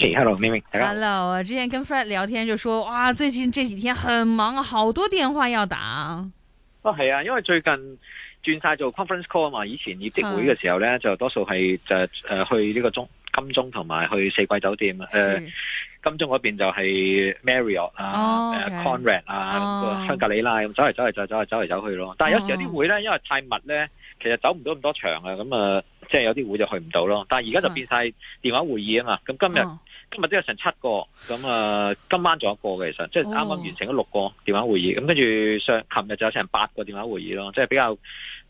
Hey, Hello，明明，大家。Hello，我之前跟 Fred 聊天就說，哇，最近這幾天很忙，好多電話要打。哦，係啊，因為最近轉晒做 conference call 啊嘛，以前業績會嘅時候咧、嗯，就多數係就誒、呃、去呢個中金鐘同埋去四季酒店，誒、呃、金鐘嗰邊就係 Marriott 啊、哦呃 okay. Conrad 啊、哦、香格里拉咁走嚟走嚟走嚟走嚟走去咯。但係有時有啲會咧、嗯，因為太密咧，其實走唔到咁多場啊，咁、嗯、啊。呃即、就、係、是、有啲會就去唔到咯，但而家就變晒電話會議啊嘛。咁今日、哦、今日都有成七個，咁啊今晚仲有一個嘅其實，即係啱啱完成咗六個電話會議。咁跟住上琴日就有成八個電話會議咯，即、就、係、是、比較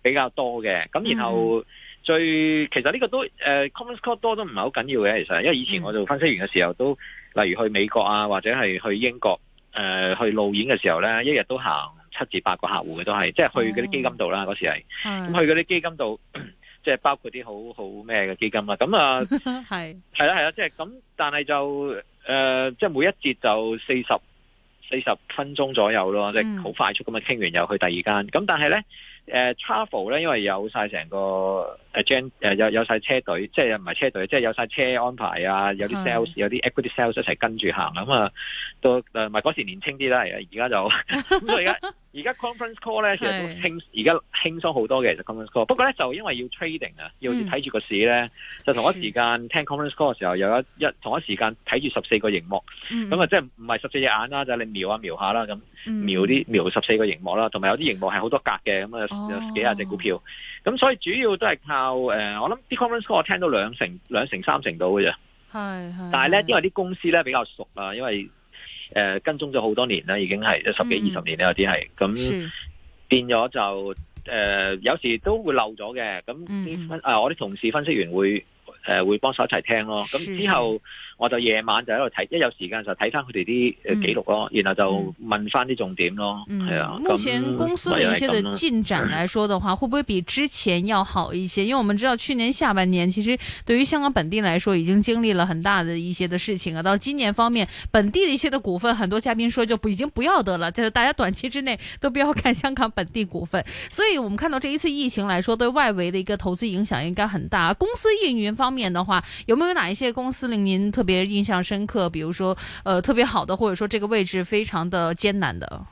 比較多嘅。咁然後最、嗯、其實呢個都誒，Commons call 多都唔係好緊要嘅其實，因為以前我做分析員嘅時候都、嗯，例如去美國啊或者係去英國誒、呃、去路演嘅時候咧，一日都行七至八個客戶嘅都係，即、就、係、是、去嗰啲基金度啦嗰時係咁去嗰啲基金度。即係包括啲好好咩嘅基金啦，咁啊係係啦係啦，即係咁，但係就誒，即係每一節就四十四十分鐘左右咯，即係好快速咁啊傾完又去第二間，咁但係咧，誒 travel 咧，因為有晒成個。誒 n 有有曬車隊，即係又唔係車隊，即係有晒車安排啊！有啲 sales，有啲 equity sales 一齊跟住行咁啊，都誒咪嗰時年輕啲啦，而家就咁。所以而家而家 conference call 咧，其實都輕，而家輕鬆好多嘅。其實 conference call 不過咧，就因為要 trading 啊，要睇住個市咧、嗯，就同一時間聽 conference call 嘅時候，有一一同一時間睇住十四個熒幕，咁、嗯、啊，即係唔係十四隻眼啦，就係、是、你瞄，一瞄一下瞄下啦，咁瞄啲瞄十四個熒幕啦，同埋有啲熒幕係好多格嘅，咁啊幾廿隻股票。哦咁、嗯、所以主要都係靠誒、呃，我諗啲 conference call 我聽到兩成兩成三成到嘅啫。係係。但係咧，因為啲公司咧比較熟啊，因為誒、呃、跟蹤咗好多年啦，已經係十幾二十年啦，有啲係咁變咗就誒、呃，有時都會漏咗嘅。咁分誒、呃，我啲同事分析員會。呃，會幫手一齊聽咯，咁之後我就夜晚就喺度睇，一有時間就睇翻佢哋啲記錄咯、嗯，然後就問翻啲重點咯，嗯、啊。目前公司的一些的進展來說的話、嗯，會不會比之前要好一些？因為我們知道去年下半年其實對於香港本地來說已經經歷了很大的一些的事情啊。到今年方面，本地的一些的股份，很多嘉賓說就不已經不要得了，就是大家短期之內都不要看香港本地股份。所以我們看到這一次疫情來說，對外圍的一個投資影響應該很大。公司運營方面。年的話，有沒有哪一些公司令您特別印象深刻？比如說，呃，特別好的，或者說這個位置非常的艱難的。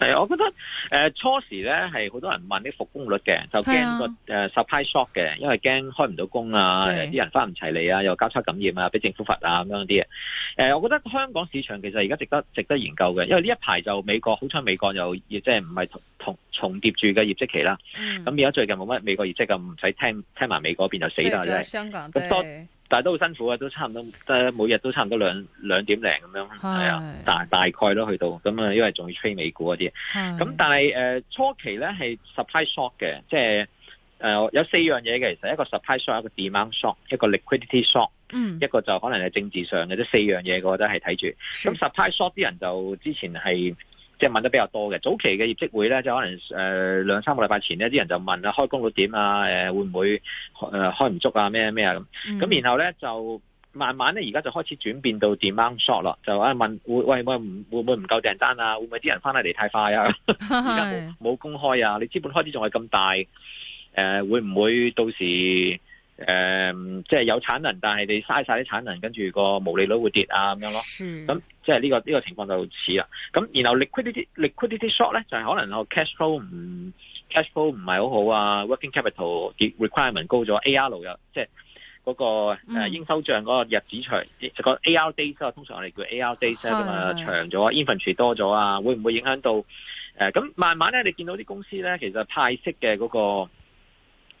係，我覺得誒、呃、初時咧係好多人問啲復工率嘅，就驚、個誒 supply shock 嘅，因為驚開唔到工啊，啲人翻唔齊嚟啊，又交叉感染啊，俾政府罰啊咁樣啲嘢。誒、呃，我覺得香港市場其實而家值得值得研究嘅，因為呢一排就美國好彩，美國又即係唔係重重疊住嘅業績期啦。咁而家最近冇乜美國業績，咁唔使聽聽埋美國邊就死啦，香港但係都好辛苦啊，都差唔多，每日都差唔多兩兩點零咁樣，係啊，大大概都去到，咁啊，因為仲要吹美股嗰啲，咁但係、呃、初期呢係 supply shock 嘅，即係、呃、有四樣嘢嘅，其實一個 supply shock，一個 demand shock，一個 liquidity shock，嗯、一個就可能係政治上嘅，即四樣嘢，我覺得係睇住，咁 supply shock 啲人就之前係。即、就、係、是、問得比較多嘅，早期嘅業績會咧，就可能誒兩、呃、三個禮拜前呢，啲人就問啊，開工率點啊？誒、呃、會唔會誒、呃、開唔足啊？咩咩啊咁。咁、嗯、然後咧就慢慢咧，而家就開始轉變到 demand shock 啦，就啊問會喂喂唔會唔夠訂單啊？會唔會啲人翻嚟嚟太快啊？而家冇工開啊？你資本開支仲係咁大誒、呃？會唔會到時？誒、um,，即係有產能，但係你嘥晒啲產能，跟住個毛利率會跌啊咁樣咯。咁、mm. 即係呢、這個呢、這個情況就似啦。咁然後 liquidity、mm. liquidity shock 咧，就係、是、可能我 cash flow 唔 cash flow 唔係好好啊，working capital requirement 高咗，AR 又即係嗰、那個誒、啊、應收帳嗰個日子長，個、mm. AR days 通常我哋叫 AR days 啊，咁、mm. 啊長咗、mm. i n v e n t r y 多咗啊，會唔會影響到誒？咁、mm. 啊、慢慢咧，你見到啲公司咧，其實派息嘅嗰、那個。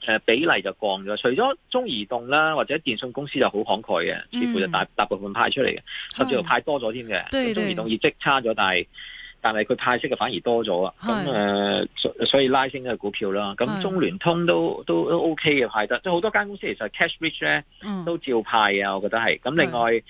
誒、呃、比例就降咗，除咗中移動啦，或者電信公司就好慷慨嘅，似、嗯、乎就大大部分派出嚟嘅，甚至乎派多咗添嘅。中移動業績差咗，但係但係佢派息就反而多咗啊。咁誒、嗯呃，所以拉升嘅股票啦。咁中聯通都都都 OK 嘅派得，即、就、好、是、多間公司其實 cash rich 咧、嗯、都照派嘅，我覺得係。咁另外。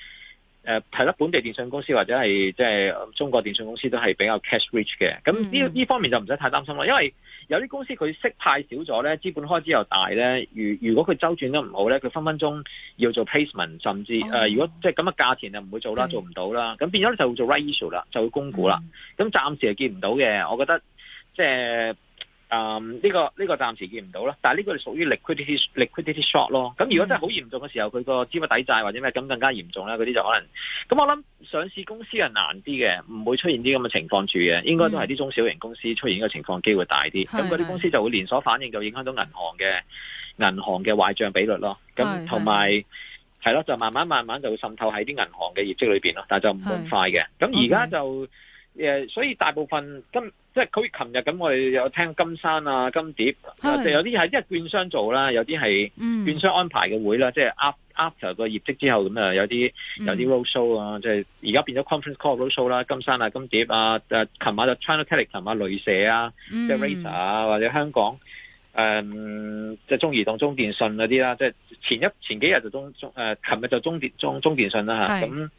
誒係啦，本地電信公司或者係即係中國電信公司都係比較 cash rich 嘅，咁呢呢方面就唔使太擔心啦，因為有啲公司佢息派少咗咧，資本開支又大咧，如如果佢周轉得唔好咧，佢分分鐘要做 placement，甚至誒、oh 呃、如果即係咁嘅價錢就唔會做啦，做唔到啦，咁變咗咧就會做 rights issue 啦，就會供股啦，咁、嗯、暫時係見唔到嘅，我覺得即係。誒、嗯，呢、這個呢、這個暫時見唔到啦，但係呢個係屬於 liquidity liquidity shock 咯。咁如果真係好嚴重嘅時候，佢個資不抵債或者咩咁更加嚴重啦。嗰啲就可能。咁我諗上市公司係難啲嘅，唔會出現啲咁嘅情況住嘅，應該都係啲中小型公司出現嘅情況機會大啲。咁嗰啲公司就會連鎖反應，就影響到銀行嘅銀行嘅壞賬比率咯。咁同埋係咯，就慢慢慢慢就會滲透喺啲銀行嘅業績裏邊咯。但就唔咁快嘅。咁而家就誒，所以大部分今。即係好似琴日咁，我哋有聽金山啊、金蝶啊，就有啲係一券商做啦，有啲係券商安排嘅會啦，嗯、即係 after, after 個業績之後咁啊，有啲有啲 roadshow 啊，即係而家變咗 conference call roadshow 啦，金山啊、金蝶啊，誒琴晚就 China、是、Telecom 啊、雷蛇啊，即、就、係、是、Razer 啊，或者香港誒即係中移動中、啊就是中呃中嗯、中電信嗰啲啦，即係前一前幾日就中中琴日就中電中中電信啦吓咁。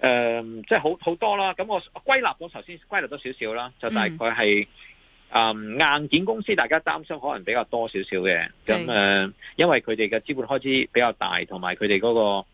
誒、呃，即係好好多啦。咁我歸納咗頭先，歸納咗少少啦，就大概係誒、嗯嗯、硬件公司大家擔心可能比較多少少嘅。咁誒、呃，因為佢哋嘅資本開支比較大，同埋佢哋嗰個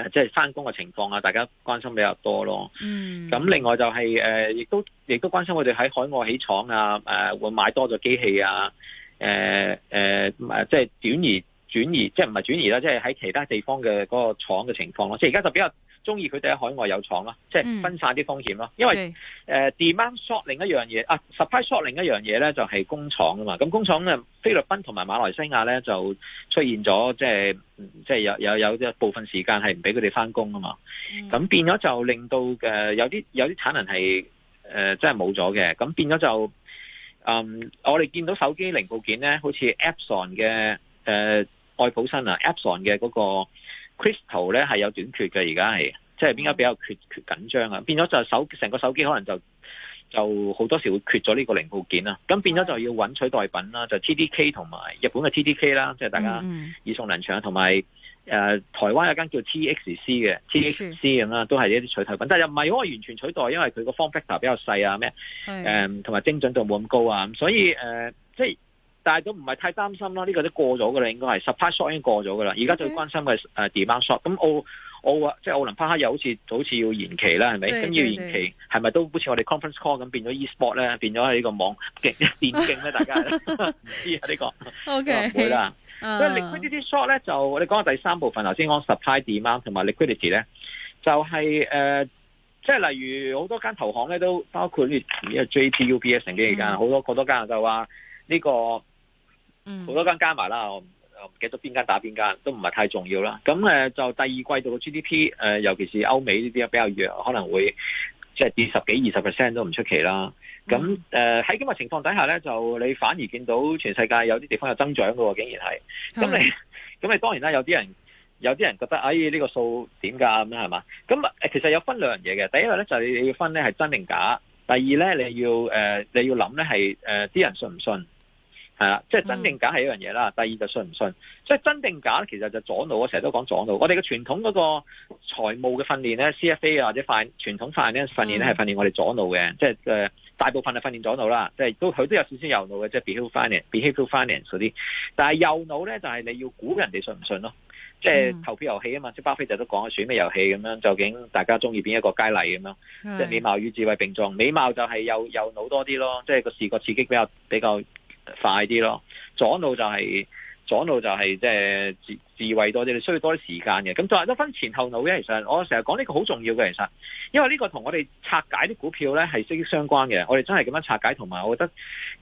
誒即係返工嘅情況啊，大家關心比較多咯。嗯。咁另外就係、是、誒，亦、呃、都亦都關心我哋喺海外起廠啊，誒、呃、會買多咗機器啊，誒、呃、誒，即係轉移轉移，即係唔係轉移啦，即係喺其他地方嘅嗰個廠嘅情況咯。即係而家就比較。中意佢哋喺海外有廠啦，即係分散啲風險咯、嗯。因為、okay. 呃、demand short 另一樣嘢啊，supply short 另一樣嘢咧就係、是、工廠啊嘛。咁工廠呢，菲律賓同埋馬來西亞咧就出現咗，即係即係有有有部分時間係唔俾佢哋翻工啊嘛。咁、嗯、變咗就令到誒有啲有啲產能係誒、呃、真係冇咗嘅。咁變咗就嗯、呃，我哋見到手機零部件咧，好似 Epson 嘅誒愛普生啊 Epson 嘅嗰、那個。Crystal 咧係有短缺嘅，而家係即係邊間比較缺缺緊張啊？變咗就手成個手機可能就就好多時會缺咗呢個零部件啊，咁變咗就要揾取代品啦。就 T D K 同埋日本嘅 T D K 啦，即係大家耳熟能詳同埋誒台灣有間叫 T X C 嘅、mm -hmm. T X C 咁啦，都係一啲取代品，但係又唔係可以完全取代，因為佢個 form factor 比較細啊，咩誒同埋精準度冇咁高啊，所以誒、呃、即係。但係都唔係太擔心啦，呢、這個都過咗㗎啦，應該係 supply shock 已經過咗㗎啦。而、okay. 家最關心嘅 demand shock。咁奧奧啊，即係奧林匹克又好似好似要延期啦，係咪？咁要延期係咪都好似我哋 conference call 咁變咗 e-sport 咧，變咗喺、e、呢個網競電競咧？大家唔知啊呢個。O K。會啦。所、uh. 以、so、liquidity shock 咧就我哋講下第三部分。頭先講 supply demand 同埋 liquidity 咧，就係即係例如好多間投行咧都包括呢一 JP、UBS 成績而家好多好多間就話呢、這個。好、嗯、多間加埋啦，我唔記得邊間打邊間，都唔係太重要啦。咁誒，就第二季度嘅 GDP，誒，尤其是歐美呢啲比較弱，可能會即係跌十幾、二十 percent 都唔出奇啦。咁誒，喺咁嘅情況底下咧，就你反而見到全世界有啲地方有增長噶，竟然係。咁、嗯、你咁你當然啦，有啲人有啲人覺得哎呢、這個數點噶咁樣係嘛？咁誒，其實有分兩樣嘢嘅。第一個咧就你、是、你要分咧係真定假。第二咧你要誒、呃、你要諗咧係誒啲人信唔信？係啦，即係真定假係一樣嘢啦。第二就信唔信，即係真定假其實就左腦我成日都講左腦。我哋嘅傳統嗰個財務嘅訓練咧，CFA 或者範傳統範咧訓練咧係訓練我哋左腦嘅，即係誒大部分係訓練左腦啦、就是就是 behavior 就是，即係都佢都有少少右腦嘅，即係 behavior finance behavior finance 嗰啲。但係右腦咧就係你要估人哋信唔信咯，即係投票遊戲啊嘛，即、嗯、巴菲特都講啊，選美遊戲咁樣，究竟大家中意邊一個佳麗咁樣，即係美貌與智慧並重，美貌就係右右腦多啲咯，即係個視覺刺激比較比較，快啲咯，左腦就係、是、左腦就係即係智自慧多啲，你需要多啲時間嘅。咁就係一分前後腦嘅。其實我成日講呢個好重要嘅，其實因為呢個同我哋拆解啲股票呢係息息相關嘅。我哋真係咁樣拆解，同埋我覺得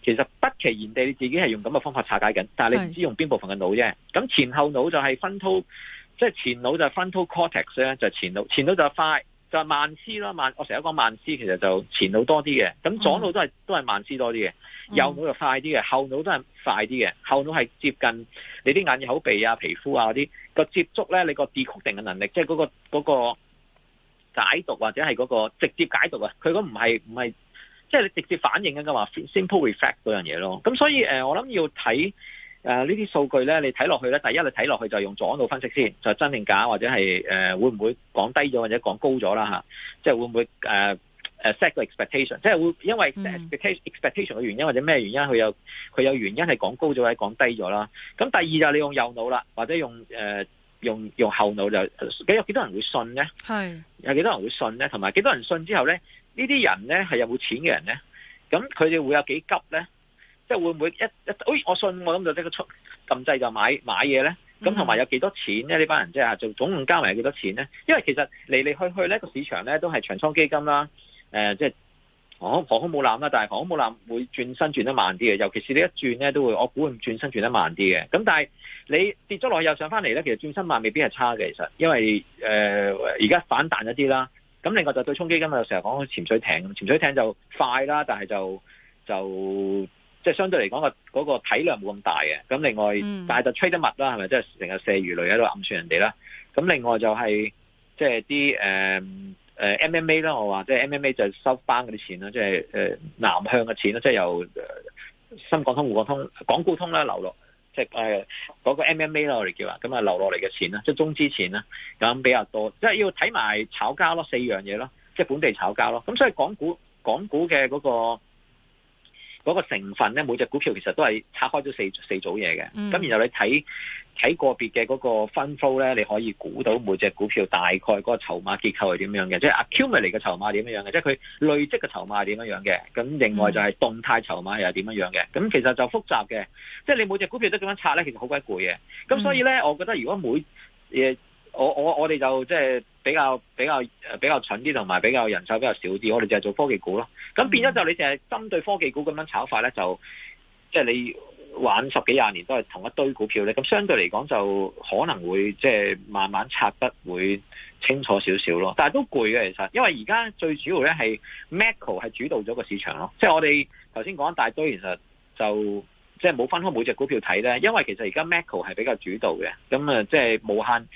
其實不其然地，你自己係用咁嘅方法拆解緊，但你唔知用邊部分嘅腦啫。咁前後腦就係 frontal 即係前腦就 frontal cortex 咧，就前腦前腦就係快就係、是、慢思咯。慢我成日講慢思，其實就前腦多啲嘅。咁左腦都係、嗯、都係慢思多啲嘅。右腦就快啲嘅，後腦都係快啲嘅。後腦係接近你啲眼耳口鼻啊、皮膚啊嗰啲個接觸咧，你個 decoding 嘅能力，即係嗰個嗰、嗰個解讀或者係嗰個直接解讀啊，佢嗰唔係唔係即係你直接反應緊㗎嘛，simple reflex 嗰樣嘢咯。咁所以誒，我諗要睇誒、呃、呢啲數據咧，你睇落去咧，第一你睇落去就用左腦分析先，就是、真定假或者係誒、呃、會唔會講低咗或者講高咗啦吓，即、啊、係、就是、會唔會誒？呃誒 set 個 expectation，即係會因為 expectation 嘅原因或者咩原因，佢、嗯、有佢有原因係講高咗或者講低咗啦。咁第二就你用右腦啦，或者用誒、呃、用用後腦就有幾多人會信咧？有幾多人會信咧？同埋幾多人信之後咧？呢啲人咧係有冇錢嘅人咧？咁佢哋會有幾急咧？即、就、係、是、會唔會一一誒、哎？我信我諗就即刻出撳掣就買買嘢咧？咁同埋有幾多錢咧？呢班人即係做總共加埋有幾多錢咧？因為其實嚟嚟去去咧，個市場咧都係長倉基金啦。誒、呃，即、就、係、是、航空母艦是航空母艦啦，但係航空母艦會轉身轉得慢啲嘅，尤其是你一轉咧，都會我估唔轉身轉得慢啲嘅。咁但係你跌咗落去又上翻嚟咧，其實轉身慢未必係差嘅，其實因為誒而家反彈一啲啦。咁另外就對沖基金就成日講潛水艇，潛水艇就快啦，但係就就即係、就是、相對嚟講個嗰個體量冇咁大嘅。咁另外，嗯、但係就 trade 得密啦，係咪即係成日射魚雷喺度暗算人哋啦？咁另外就係即係啲誒。就是誒、呃、MMA 啦，我話即係 MMA 就收翻嗰啲錢啦，即係誒南向嘅錢啦，即、就、係、是、由深、呃、港，港，港通、滬港通、港股通啦流落，即係誒嗰個 MMA 啦我哋叫啊，咁啊流落嚟嘅錢啦，即係中資錢啦，咁比較多，即係要睇埋炒家咯，四樣嘢咯，即係本地炒家咯，咁所以港股港股嘅嗰、那個。嗰、那個成分咧，每隻股票其實都係拆開咗四四組嘢嘅。咁然後你睇睇個別嘅嗰個 fund flow 呢，咧，你可以估到每隻股票大概嗰個籌碼結構係點樣嘅，即、就、係、是、accumulate 嘅籌碼點樣嘅，即係佢累積嘅籌碼係點樣嘅。咁另外就係動態籌碼又係點樣嘅。咁其實就複雜嘅，即、就、係、是、你每隻股票都咁樣拆咧，其實好鬼攰嘅。咁所以咧，我覺得如果每我我我哋就即係比較比較誒比較蠢啲，同埋比較人手比較少啲。我哋就係做科技股咯。咁變咗就你淨係針對科技股咁樣炒法咧，就即係、就是、你玩十幾廿年都係同一堆股票咧。咁相對嚟講就可能會即係慢慢拆得會清楚少少咯。但係都攰嘅，其實因為而家最主要咧係 Macro 係主導咗個市場咯。即、就、係、是、我哋頭先講一大堆，其實就即係冇分開每隻股票睇咧，因為其實而家 Macro 係比較主導嘅，咁啊即係無限，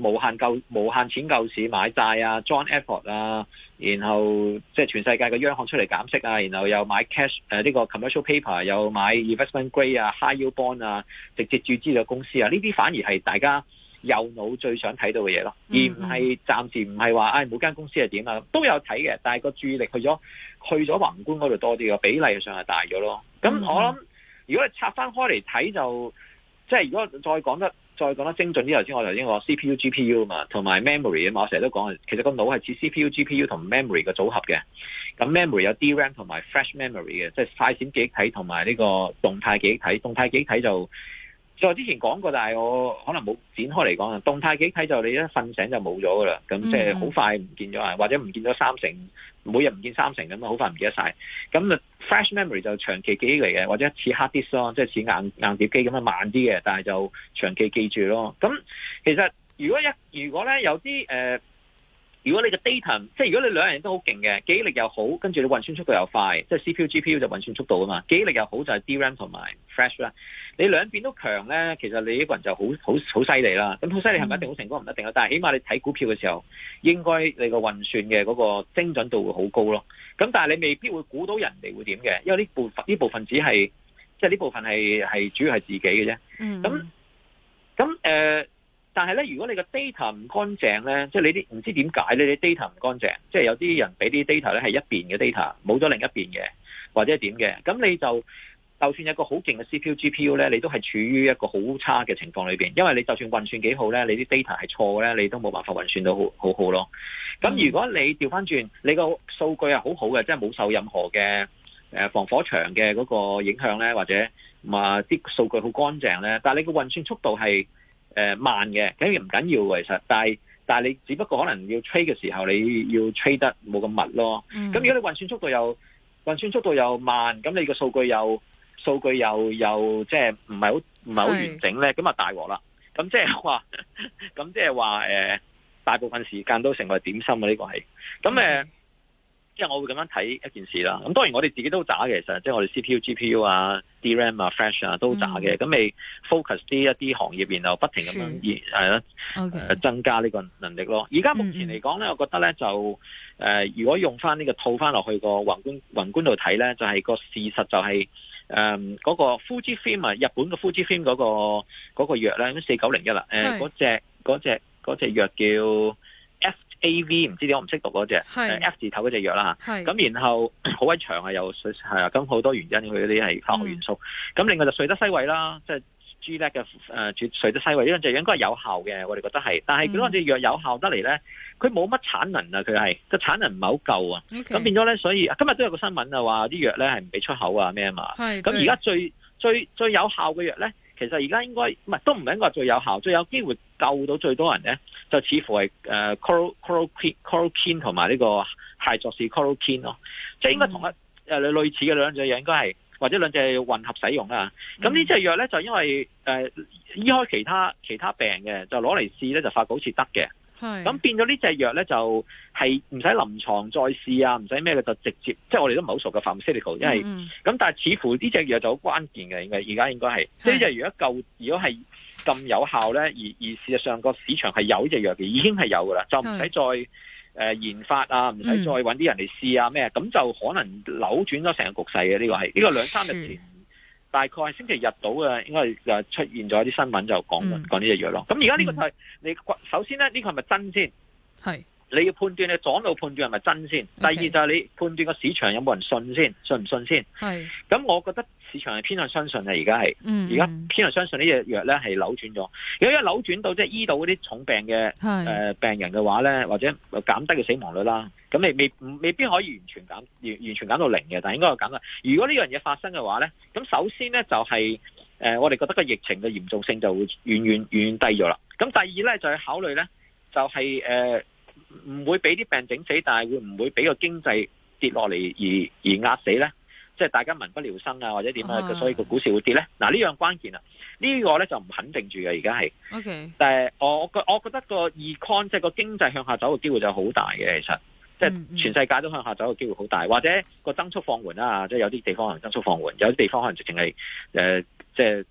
無限夠無限錢救市買債啊，John effort 啊，然後即係、就是、全世界嘅央行出嚟減息啊，然後又買 cash 誒、呃、呢、這個 commercial paper，又買 investment grade 啊，high yield bond 啊，直接注資嘅公司啊，呢啲反而係大家右腦最想睇到嘅嘢咯。而唔係暫時唔係話，唉、哎、每間公司係點啊，都有睇嘅，但係個注意力去咗去咗宏觀嗰度多啲咯，比例上係大咗咯。咁我諗，如果你拆翻開嚟睇，就即係如果再講得。再講得精準啲，頭先，我就已經話 C P U G P U 啊嘛，同埋 memory 啊嘛，我成日都講，其實個腦係似 C P U G P U 同 memory 嘅組合嘅。咁 memory 有 DRAM 同埋 flash memory 嘅，即係快閃記憶體同埋呢個動態記憶體。動態記憶體就。就之前講過，但係我可能冇展開嚟講啊。動態記憶就你一瞓醒就冇咗噶啦，咁即係好快唔見咗啊，或者唔見咗三成，每日唔見三成咁啊，好快唔記得晒。咁啊，flash memory 就長期記憶嚟嘅，或者似 hard disk 咯，即係似硬硬碟機咁啊，慢啲嘅，但係就長期記住咯。咁其實如果一如果咧有啲誒。呃如果你嘅 data，即係如果你兩樣嘢都好勁嘅，記憶力又好，跟住你運算速度又快，即係 CPU、GPU 就運算速度啊嘛，記憶力又好就係 DRAM 同埋 Flash 啦。你兩邊都強咧，其實你一個人就好好好犀利啦。咁好犀利係咪一定好成功？唔一定啊。嗯、但係起碼你睇股票嘅時候，應該你個運算嘅嗰個精準度會好高咯。咁但係你未必會估到人哋會點嘅，因為呢部呢部分只係即係呢部分係係主要係自己嘅啫。咁咁誒。但係咧，如果你個 data 唔乾淨咧，即係你啲唔知點解咧，你啲 data 唔乾淨，即係有啲人俾啲 data 咧係一邊嘅 data，冇咗另一邊嘅，或者係點嘅，咁你就就算有一個好勁嘅 CPU、GPU 咧，你都係處於一個好差嘅情況裏邊，因為你就算運算幾好咧，你啲 data 係錯咧，你都冇辦法運算到好好好咯。咁如果你調翻轉，你個數據係好好嘅，即係冇受任何嘅誒防火牆嘅嗰個影響咧，或者啊啲數據好乾淨咧，但係你個運算速度係。誒，慢嘅，咁亦唔緊要其實要，但係但係你只不過可能要 trade 嘅時候，你要 trade 得冇咁密咯。咁、嗯、如果你運算速度又運算速度又慢，咁你個數據又數據又又即係唔係好唔係好完整咧，咁啊大鑊啦！咁即係話，咁即係話，誒、呃，大部分時間都成為點心啊！呢、這個係，咁誒。嗯呃即係我會咁樣睇一件事啦。咁當然我哋自己都渣嘅，其實即係我哋 C P U、G P U 啊、D R A M 啊、Flash 啊都渣嘅。咁你 focus 啲一啲行業然後不停咁樣係啦，okay. 增加呢個能力咯。而家目前嚟講咧，我覺得咧就誒、呃，如果用翻呢個套翻落去個宏觀宏觀度睇咧，就係、是、個事實就係、是、誒，嗰、呃那個富士 Film 啊，日本嘅富士 Film 嗰、那個嗰、那個藥咧，四九零一啦，誒，嗰隻嗰隻嗰隻藥叫。A.V. 唔知點，我唔識讀嗰隻 f 字頭嗰隻藥啦吓，咁然後好鬼長啊，又係啊，咁好多原因佢嗰啲係化學元素，咁、嗯、另外就瑞德西韋啦，即、就、係、是、g 叻嘅誒，瑞德西韋呢樣就應該係有效嘅，我哋覺得係，但係嗰啲藥有效得嚟咧，佢冇乜產能啊，佢係個產能唔係好夠啊，咁、okay, 變咗咧，所以今日都有個新聞啊，話啲藥咧係唔俾出口啊咩啊嘛，咁而家最最最有效嘅藥咧，其實而家應該唔係都唔係應該最有效，最有機會。救到最多人咧，就似乎係誒 Chloro Chloroquine Chloroquine 同埋呢個蟹作士 Chloroquine 咯，即係應該同一誒、嗯、類似嘅兩隻嘢，應該係或者兩隻混合使用啦。咁、嗯、呢隻藥咧就因為誒、呃、醫開其他其他病嘅，就攞嚟試咧就發覺好似得嘅。係咁變咗呢隻藥咧就係唔使臨床再試啊，唔使咩嘅就直接，即、就、係、是、我哋都唔係好熟嘅 pharmaceutical 因為咁，嗯、但係似乎呢隻藥就好關鍵嘅，應該而家應該係，即係如果救如果係。咁有效呢？而而事實上個市場係有隻藥嘅，已經係有噶啦，就唔使再研發啊，唔使、嗯、再揾啲人嚟試啊咩，咁就可能扭轉咗成個局勢嘅、啊。呢、呢個係呢個兩三日前，嗯、大概係星期日到嘅，應該就出現咗一啲新聞就講講呢隻藥咯。咁而家呢個就係、是嗯、你首先呢，呢個、是是呢個係咪真先？係。你要判斷你左路判斷係咪真先？Okay. 第二就係你判斷個市場有冇人信先，信唔信先？係。咁我覺得市場係偏向相信嘅，而家係。嗯，嗯。而家偏向相信呢隻藥咧係扭轉咗。如果一扭轉到，即係醫到嗰啲重病嘅病人嘅話咧，或者減低嘅死亡率啦，咁你未未必可以完全減，完完全減到零嘅，但係應該係減嘅。如果呢樣嘢發生嘅話咧，咁首先咧就係、是、誒、呃，我哋覺得個疫情嘅嚴重性就會遠遠遠遠低咗啦。咁第二咧就係、是、考慮咧，就係、是、誒。呃唔會俾啲病整死，但係會唔會俾個經濟跌落嚟而而壓死咧？即係大家民不聊生啊，或者點啊？所以個股市會跌咧？嗱，呢樣關鍵啦，呢個咧就唔肯定住嘅。而家係，誒，我我覺得，我覺得個 econ 即係個經濟向下走嘅機會就好大嘅。其實，即係全世界都向下走嘅機會好大，或者個增速放緩啦，即係有啲地方可能增速放緩，有啲地方可能直情係誒，即係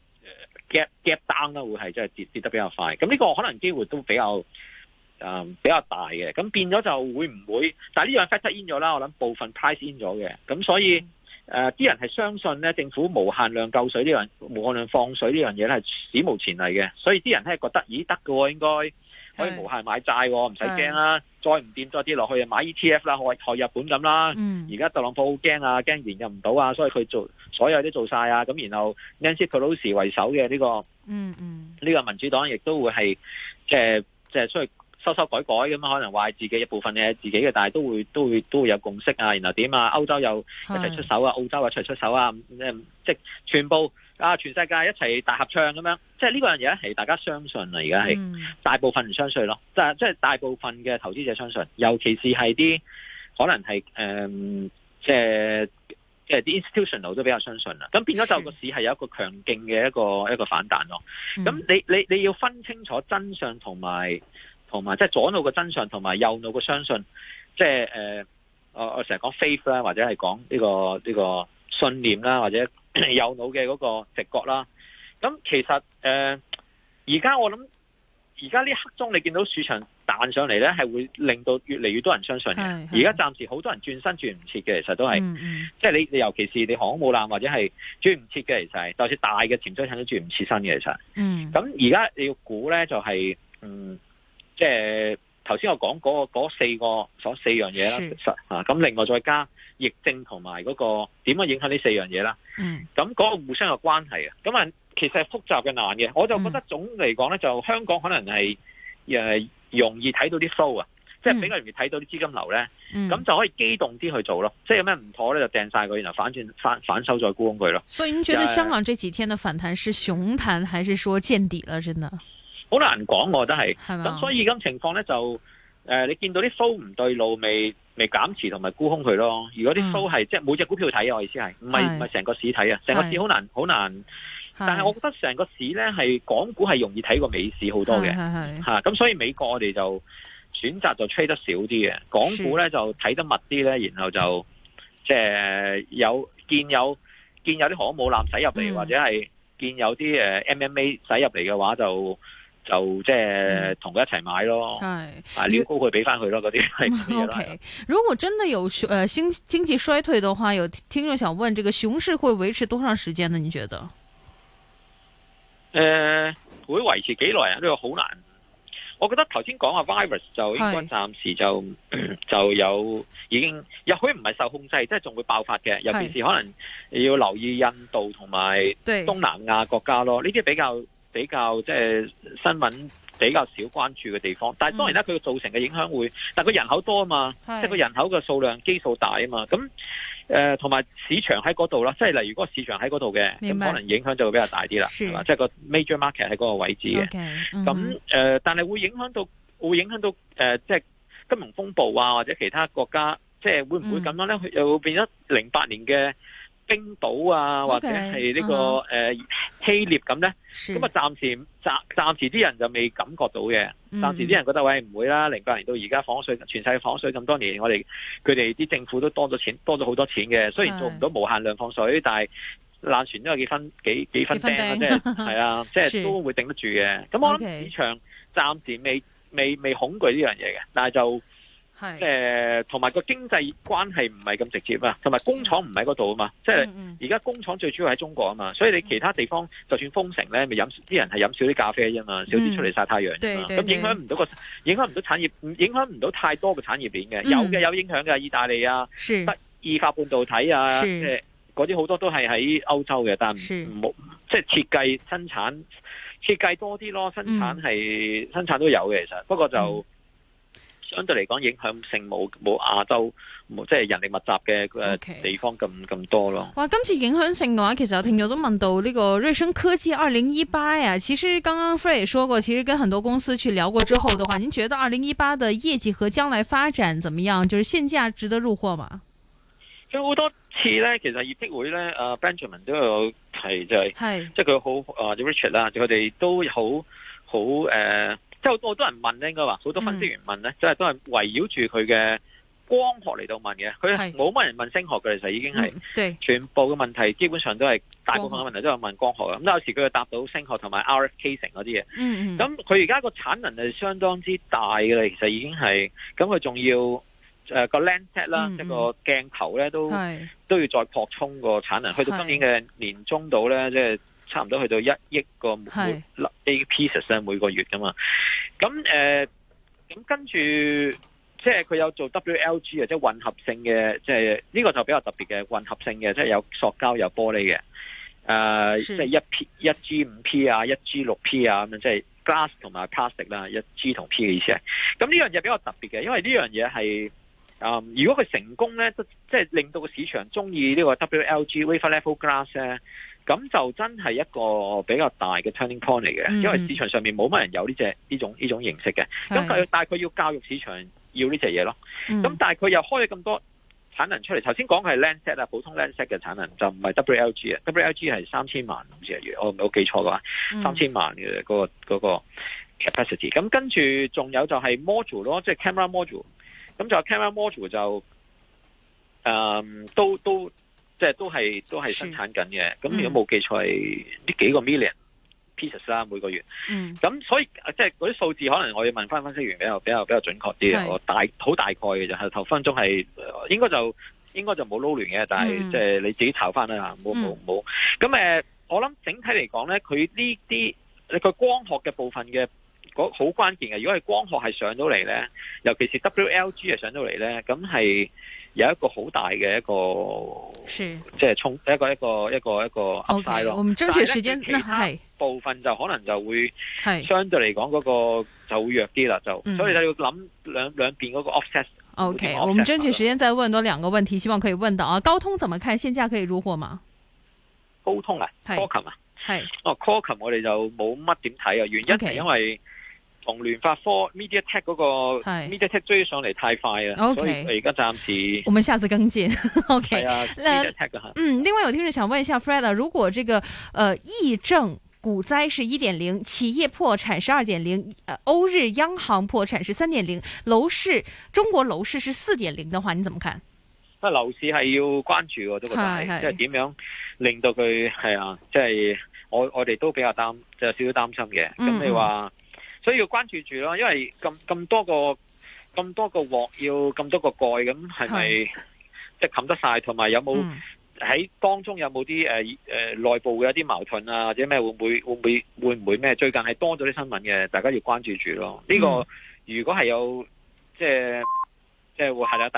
gap gap down 啦，會係即係跌跌得比較快。咁呢個可能機會都比較。誒比較大嘅，咁變咗就會唔會？但係呢樣 factor in 咗啦，我諗部分 price in 咗嘅，咁所以誒啲、嗯呃、人係相信咧，政府無限量救水呢、這、樣、個、無限量放水呢樣嘢係史無前例嘅，所以啲人係覺得咦得㗎喎，應該可以,可以無限買債喎，唔使驚啦，再唔掂再跌落去啊，買 ETF 啦，害學日本咁啦。而、嗯、家特朗普好驚啊，驚連任唔到啊，所以佢做所有都做晒啊，咁然後 Nancy Pelosi 為首嘅呢、這個嗯呢、嗯、個民主黨亦都會係即係出去。修修改改咁可能話自己一部分嘅自己嘅，但係都會都會都會有共識啊，然後點啊？歐洲又一齊出手啊，澳洲又一齊出手啊，嗯、即係全部啊，全世界一齊大合唱咁樣，即係呢個樣嘢大家相信啦，而家係大部分唔相信咯，嗯、但係即係大部分嘅投資者相信，尤其是係啲可能係誒、嗯、即係即係啲 institutional 都比較相信啦。咁變咗就個市係有一個強勁嘅一個、嗯、一個反彈咯。咁你你你要分清楚真相同埋。同埋即係左腦嘅真相，同埋右腦嘅相信，即係誒、呃，我我成日講 faith 啦、這個這個，或者係講呢個呢個信念啦，或者 右腦嘅嗰個直覺啦。咁、啊、其實誒，而、呃、家我諗，而家呢刻鐘你見到市場彈上嚟咧，係會令到越嚟越多人相信嘅。而家暫時好多人轉身轉唔切嘅，其實都係，即係你你尤其是你航空母艦或者係轉唔切嘅，其實，就算大嘅潛水艇都轉唔切身嘅，其實是是嗯、就是。嗯。咁而家你要估咧，就係嗯。即係頭先我講嗰個四個所四樣嘢啦，實吓咁，另外再加疫症同埋嗰個點樣影響呢四樣嘢啦。嗯，咁嗰個互相嘅關係啊，咁啊，其實係複雜嘅難嘅，我就覺得總嚟講咧，就香港可能係誒、呃、容易睇到啲 flow 啊、嗯，即係比較容易睇到啲資金流咧，咁、嗯、就可以機動啲去做咯、嗯。即係有咩唔妥咧，就掟晒佢，然後反轉反反手再沽空佢咯。所以，你覺得香港這幾天嘅反彈係熊彈，還是說見底了？真係？好難講，我都係，咁所以咁情況咧就，誒，你見到啲數唔對路，未未減持同埋沽空佢咯。如果啲數係即係每隻股票睇啊，我意思係，唔係唔係成個市睇啊，成個市好難好難。但係我覺得成個市咧係港股係容易睇過美市好多嘅，吓，咁所以美國我哋就選擇就 trade 得少啲嘅，港股咧就睇得密啲咧，然後就即係有見有見有啲航母艦駛入嚟，或者係見有啲誒 mma 駛入嚟嘅話就。就即係同佢一齊買咯，嗯、啊，料高佢俾翻佢咯，嗰啲係。 okay, 如果真的有，誒、呃，經經濟衰退的話，有聽眾想問，這個熊市會維持多長時間呢？你覺得？誒、呃，會維持幾耐啊？呢、這個好難。我覺得頭先講啊，Virus 就應該暫時就 就有已經，也許唔係受控制，即係仲會爆發嘅。尤其 是可能要留意印度同埋東南亞國家咯，呢啲比較。比較即係新聞比較少關注嘅地方，但係當然啦，佢造成嘅影響會，嗯、但係佢人口多啊嘛，是即係佢人口嘅數量基數大啊嘛，咁誒同埋市場喺嗰度啦，即係例如嗰個市場喺嗰度嘅，咁可能影響就會比較大啲啦，係嘛？即係個 major market 喺嗰個位置嘅，咁、okay, 誒、嗯呃，但係會影響到會影響到誒、呃，即係金融風暴啊，或者其他國家，即係會唔會咁樣咧、嗯？又會變咗零八年嘅。冰島啊，或者係呢、呢個誒、okay, uh -huh. 呃、希臘咁咧，咁啊暫時暫暫時啲人就未感覺到嘅、嗯，暫時啲人覺得喂唔會啦，零八年到而家放水，全世界放水咁多年，我哋佢哋啲政府都多咗錢，多咗好多錢嘅。雖然做唔到無限量放水，但係爛船都有幾分幾幾分釘啊，係啊，即係、啊啊、 都會頂得住嘅。咁我諗市場暫時未未未恐懼呢樣嘢嘅，但係就。係，誒，同、呃、埋個經濟關係唔係咁直接啊，同埋工廠唔喺嗰度啊嘛，即係而家工廠最主要喺中國啊嘛，所以你其他地方就算封城咧，咪飲啲人係飲少啲咖啡啫嘛，少啲出嚟晒太陽啫嘛，咁、嗯、影響唔到個影響唔到產業，影響唔到太多個產業鏈嘅，有嘅有影響嘅，意大利啊，德意法半導體啊，即係嗰啲好多都係喺歐洲嘅，但係唔好，即係設計生產設計多啲咯，生產係、嗯、生產都有嘅，其實不過就。嗯相對嚟講，影響性冇冇亞洲冇即係人力密集嘅誒地方咁咁多咯。Okay. 哇，今次影響性嘅話，其實我聽咗都問到呢個瑞聲科技二零一八呀。其實剛剛 Freddie 說過，其實跟很多公司去聊過之後嘅話，你覺得二零一八的業績和將來發展怎麼樣？就是現價值得入貨嘛？有好多次呢，其實業績會呢、啊、Benjamin 都有提就係、是，係即係佢好誒 Richard 啦、啊，佢哋都好好誒。即係好多好多人問咧，應該話好多分析員問咧，即、嗯、係都係圍繞住佢嘅光學嚟到問嘅。佢冇乜人問聲學嘅，其實已經係、嗯、全部嘅問題，基本上都係大部分嘅問題都係問光學嘅。咁有時佢會答到聲學同埋 RF casing 嗰啲嘢。咁佢而家個產能係相當之大嘅，其實已經係咁。佢仲要誒、呃嗯就是、個 Lens 啦，一個鏡頭咧都都要再擴充個產能。去到今年嘅年中度咧，即、就、係、是。差唔多去到一億個 a piece 咧每個月噶嘛，咁誒，咁、呃、跟住即係佢有做 WLG 啊，即係混合性嘅，即係呢個就比較特別嘅混合性嘅，即、就、係、是、有塑膠有玻璃嘅，誒、呃，即係一 P 一 G 五 P 啊，一 G 六 P 啊咁樣，即係 glass 同埋 plastic 啦，一 G 同 P 嘅意思係，咁呢樣嘢比較特別嘅，因為呢樣嘢係，嗯、呃，如果佢成功咧，即係令到個市場中意呢個 WLG wafer level glass 咧。咁就真係一個比較大嘅 turning point 嚟嘅，嗯，因為市場上面冇乜人有呢隻呢種呢種形式嘅，咁佢但係佢要教育市場要呢隻嘢咯，咁但係佢又開咗咁多產能出嚟，頭先講係 landset 啊，普通 landset 嘅產能就唔係 WLG 啊，WLG 係三千萬好似係，如果唔係我記錯嘅話，三千萬嘅嗰、嗰個嗰個 capacity，咁跟住仲有就係 module 咯，即、就、係、是、camera module，咁就 camera module 就誒都、嗯、都。都即係都係都係生產緊嘅，咁如果冇記錯係呢幾個 million pieces 啦，每個月。嗯。咁所以即係嗰啲數字，可能我要問翻分析員比較比較比較準確啲啊。我大好大概嘅就係頭分分鐘係應該就應該就冇撈亂嘅，但係即係你自己查翻啦嚇，冇冇冇。咁、嗯、誒，我諗整體嚟講咧，佢呢啲佢光學嘅部分嘅。好關鍵嘅，如果係光學係上到嚟咧，尤其是 WLG 啊上到嚟咧，咁係有一個好大嘅一個，是即係沖一個一個一個一個 offset、okay, 我哋爭取時間其他部分就可能就會相對嚟講嗰個就弱啲啦，就所以就要諗兩、嗯、兩邊嗰個 offset。O K，我們爭取時間再問多兩個問題，希望可以問到啊。高通怎麼看現價可以入貨嗎？高通啊 Qualcomm 啊，係哦 Qualcomm 我哋就冇乜點睇啊，原因因為。Okay. 同聯發科、MediaTek 嗰、那個 MediaTek 追上嚟太快啦，okay, 所以而家暫時我們下次跟進。OK，係啊，MediaTek 嘅吓。嗯，另外有聽眾想問一下 Fred，、啊、如果這個，呃，疫症股災是一點零，企業破產是二點零，呃，歐日央行破產是三點零，樓市中國樓市是四點零的話，你怎麼看？啊，樓市係要關注，我都覺得係，是是即係點樣令到佢係啊，即係我我哋都比較擔，就有少少擔心嘅。咁、嗯、你話？嗯所以要關注住咯，因為咁咁多個咁多個鑊要咁多個蓋，咁係咪即係冚得晒？同埋有冇喺、嗯、當中有冇啲誒誒內部嘅一啲矛盾啊？或者咩會唔會會唔會會唔會咩？最近係多咗啲新聞嘅，大家要關注住咯。呢、這個、嗯、如果係有即即會係啊，大家。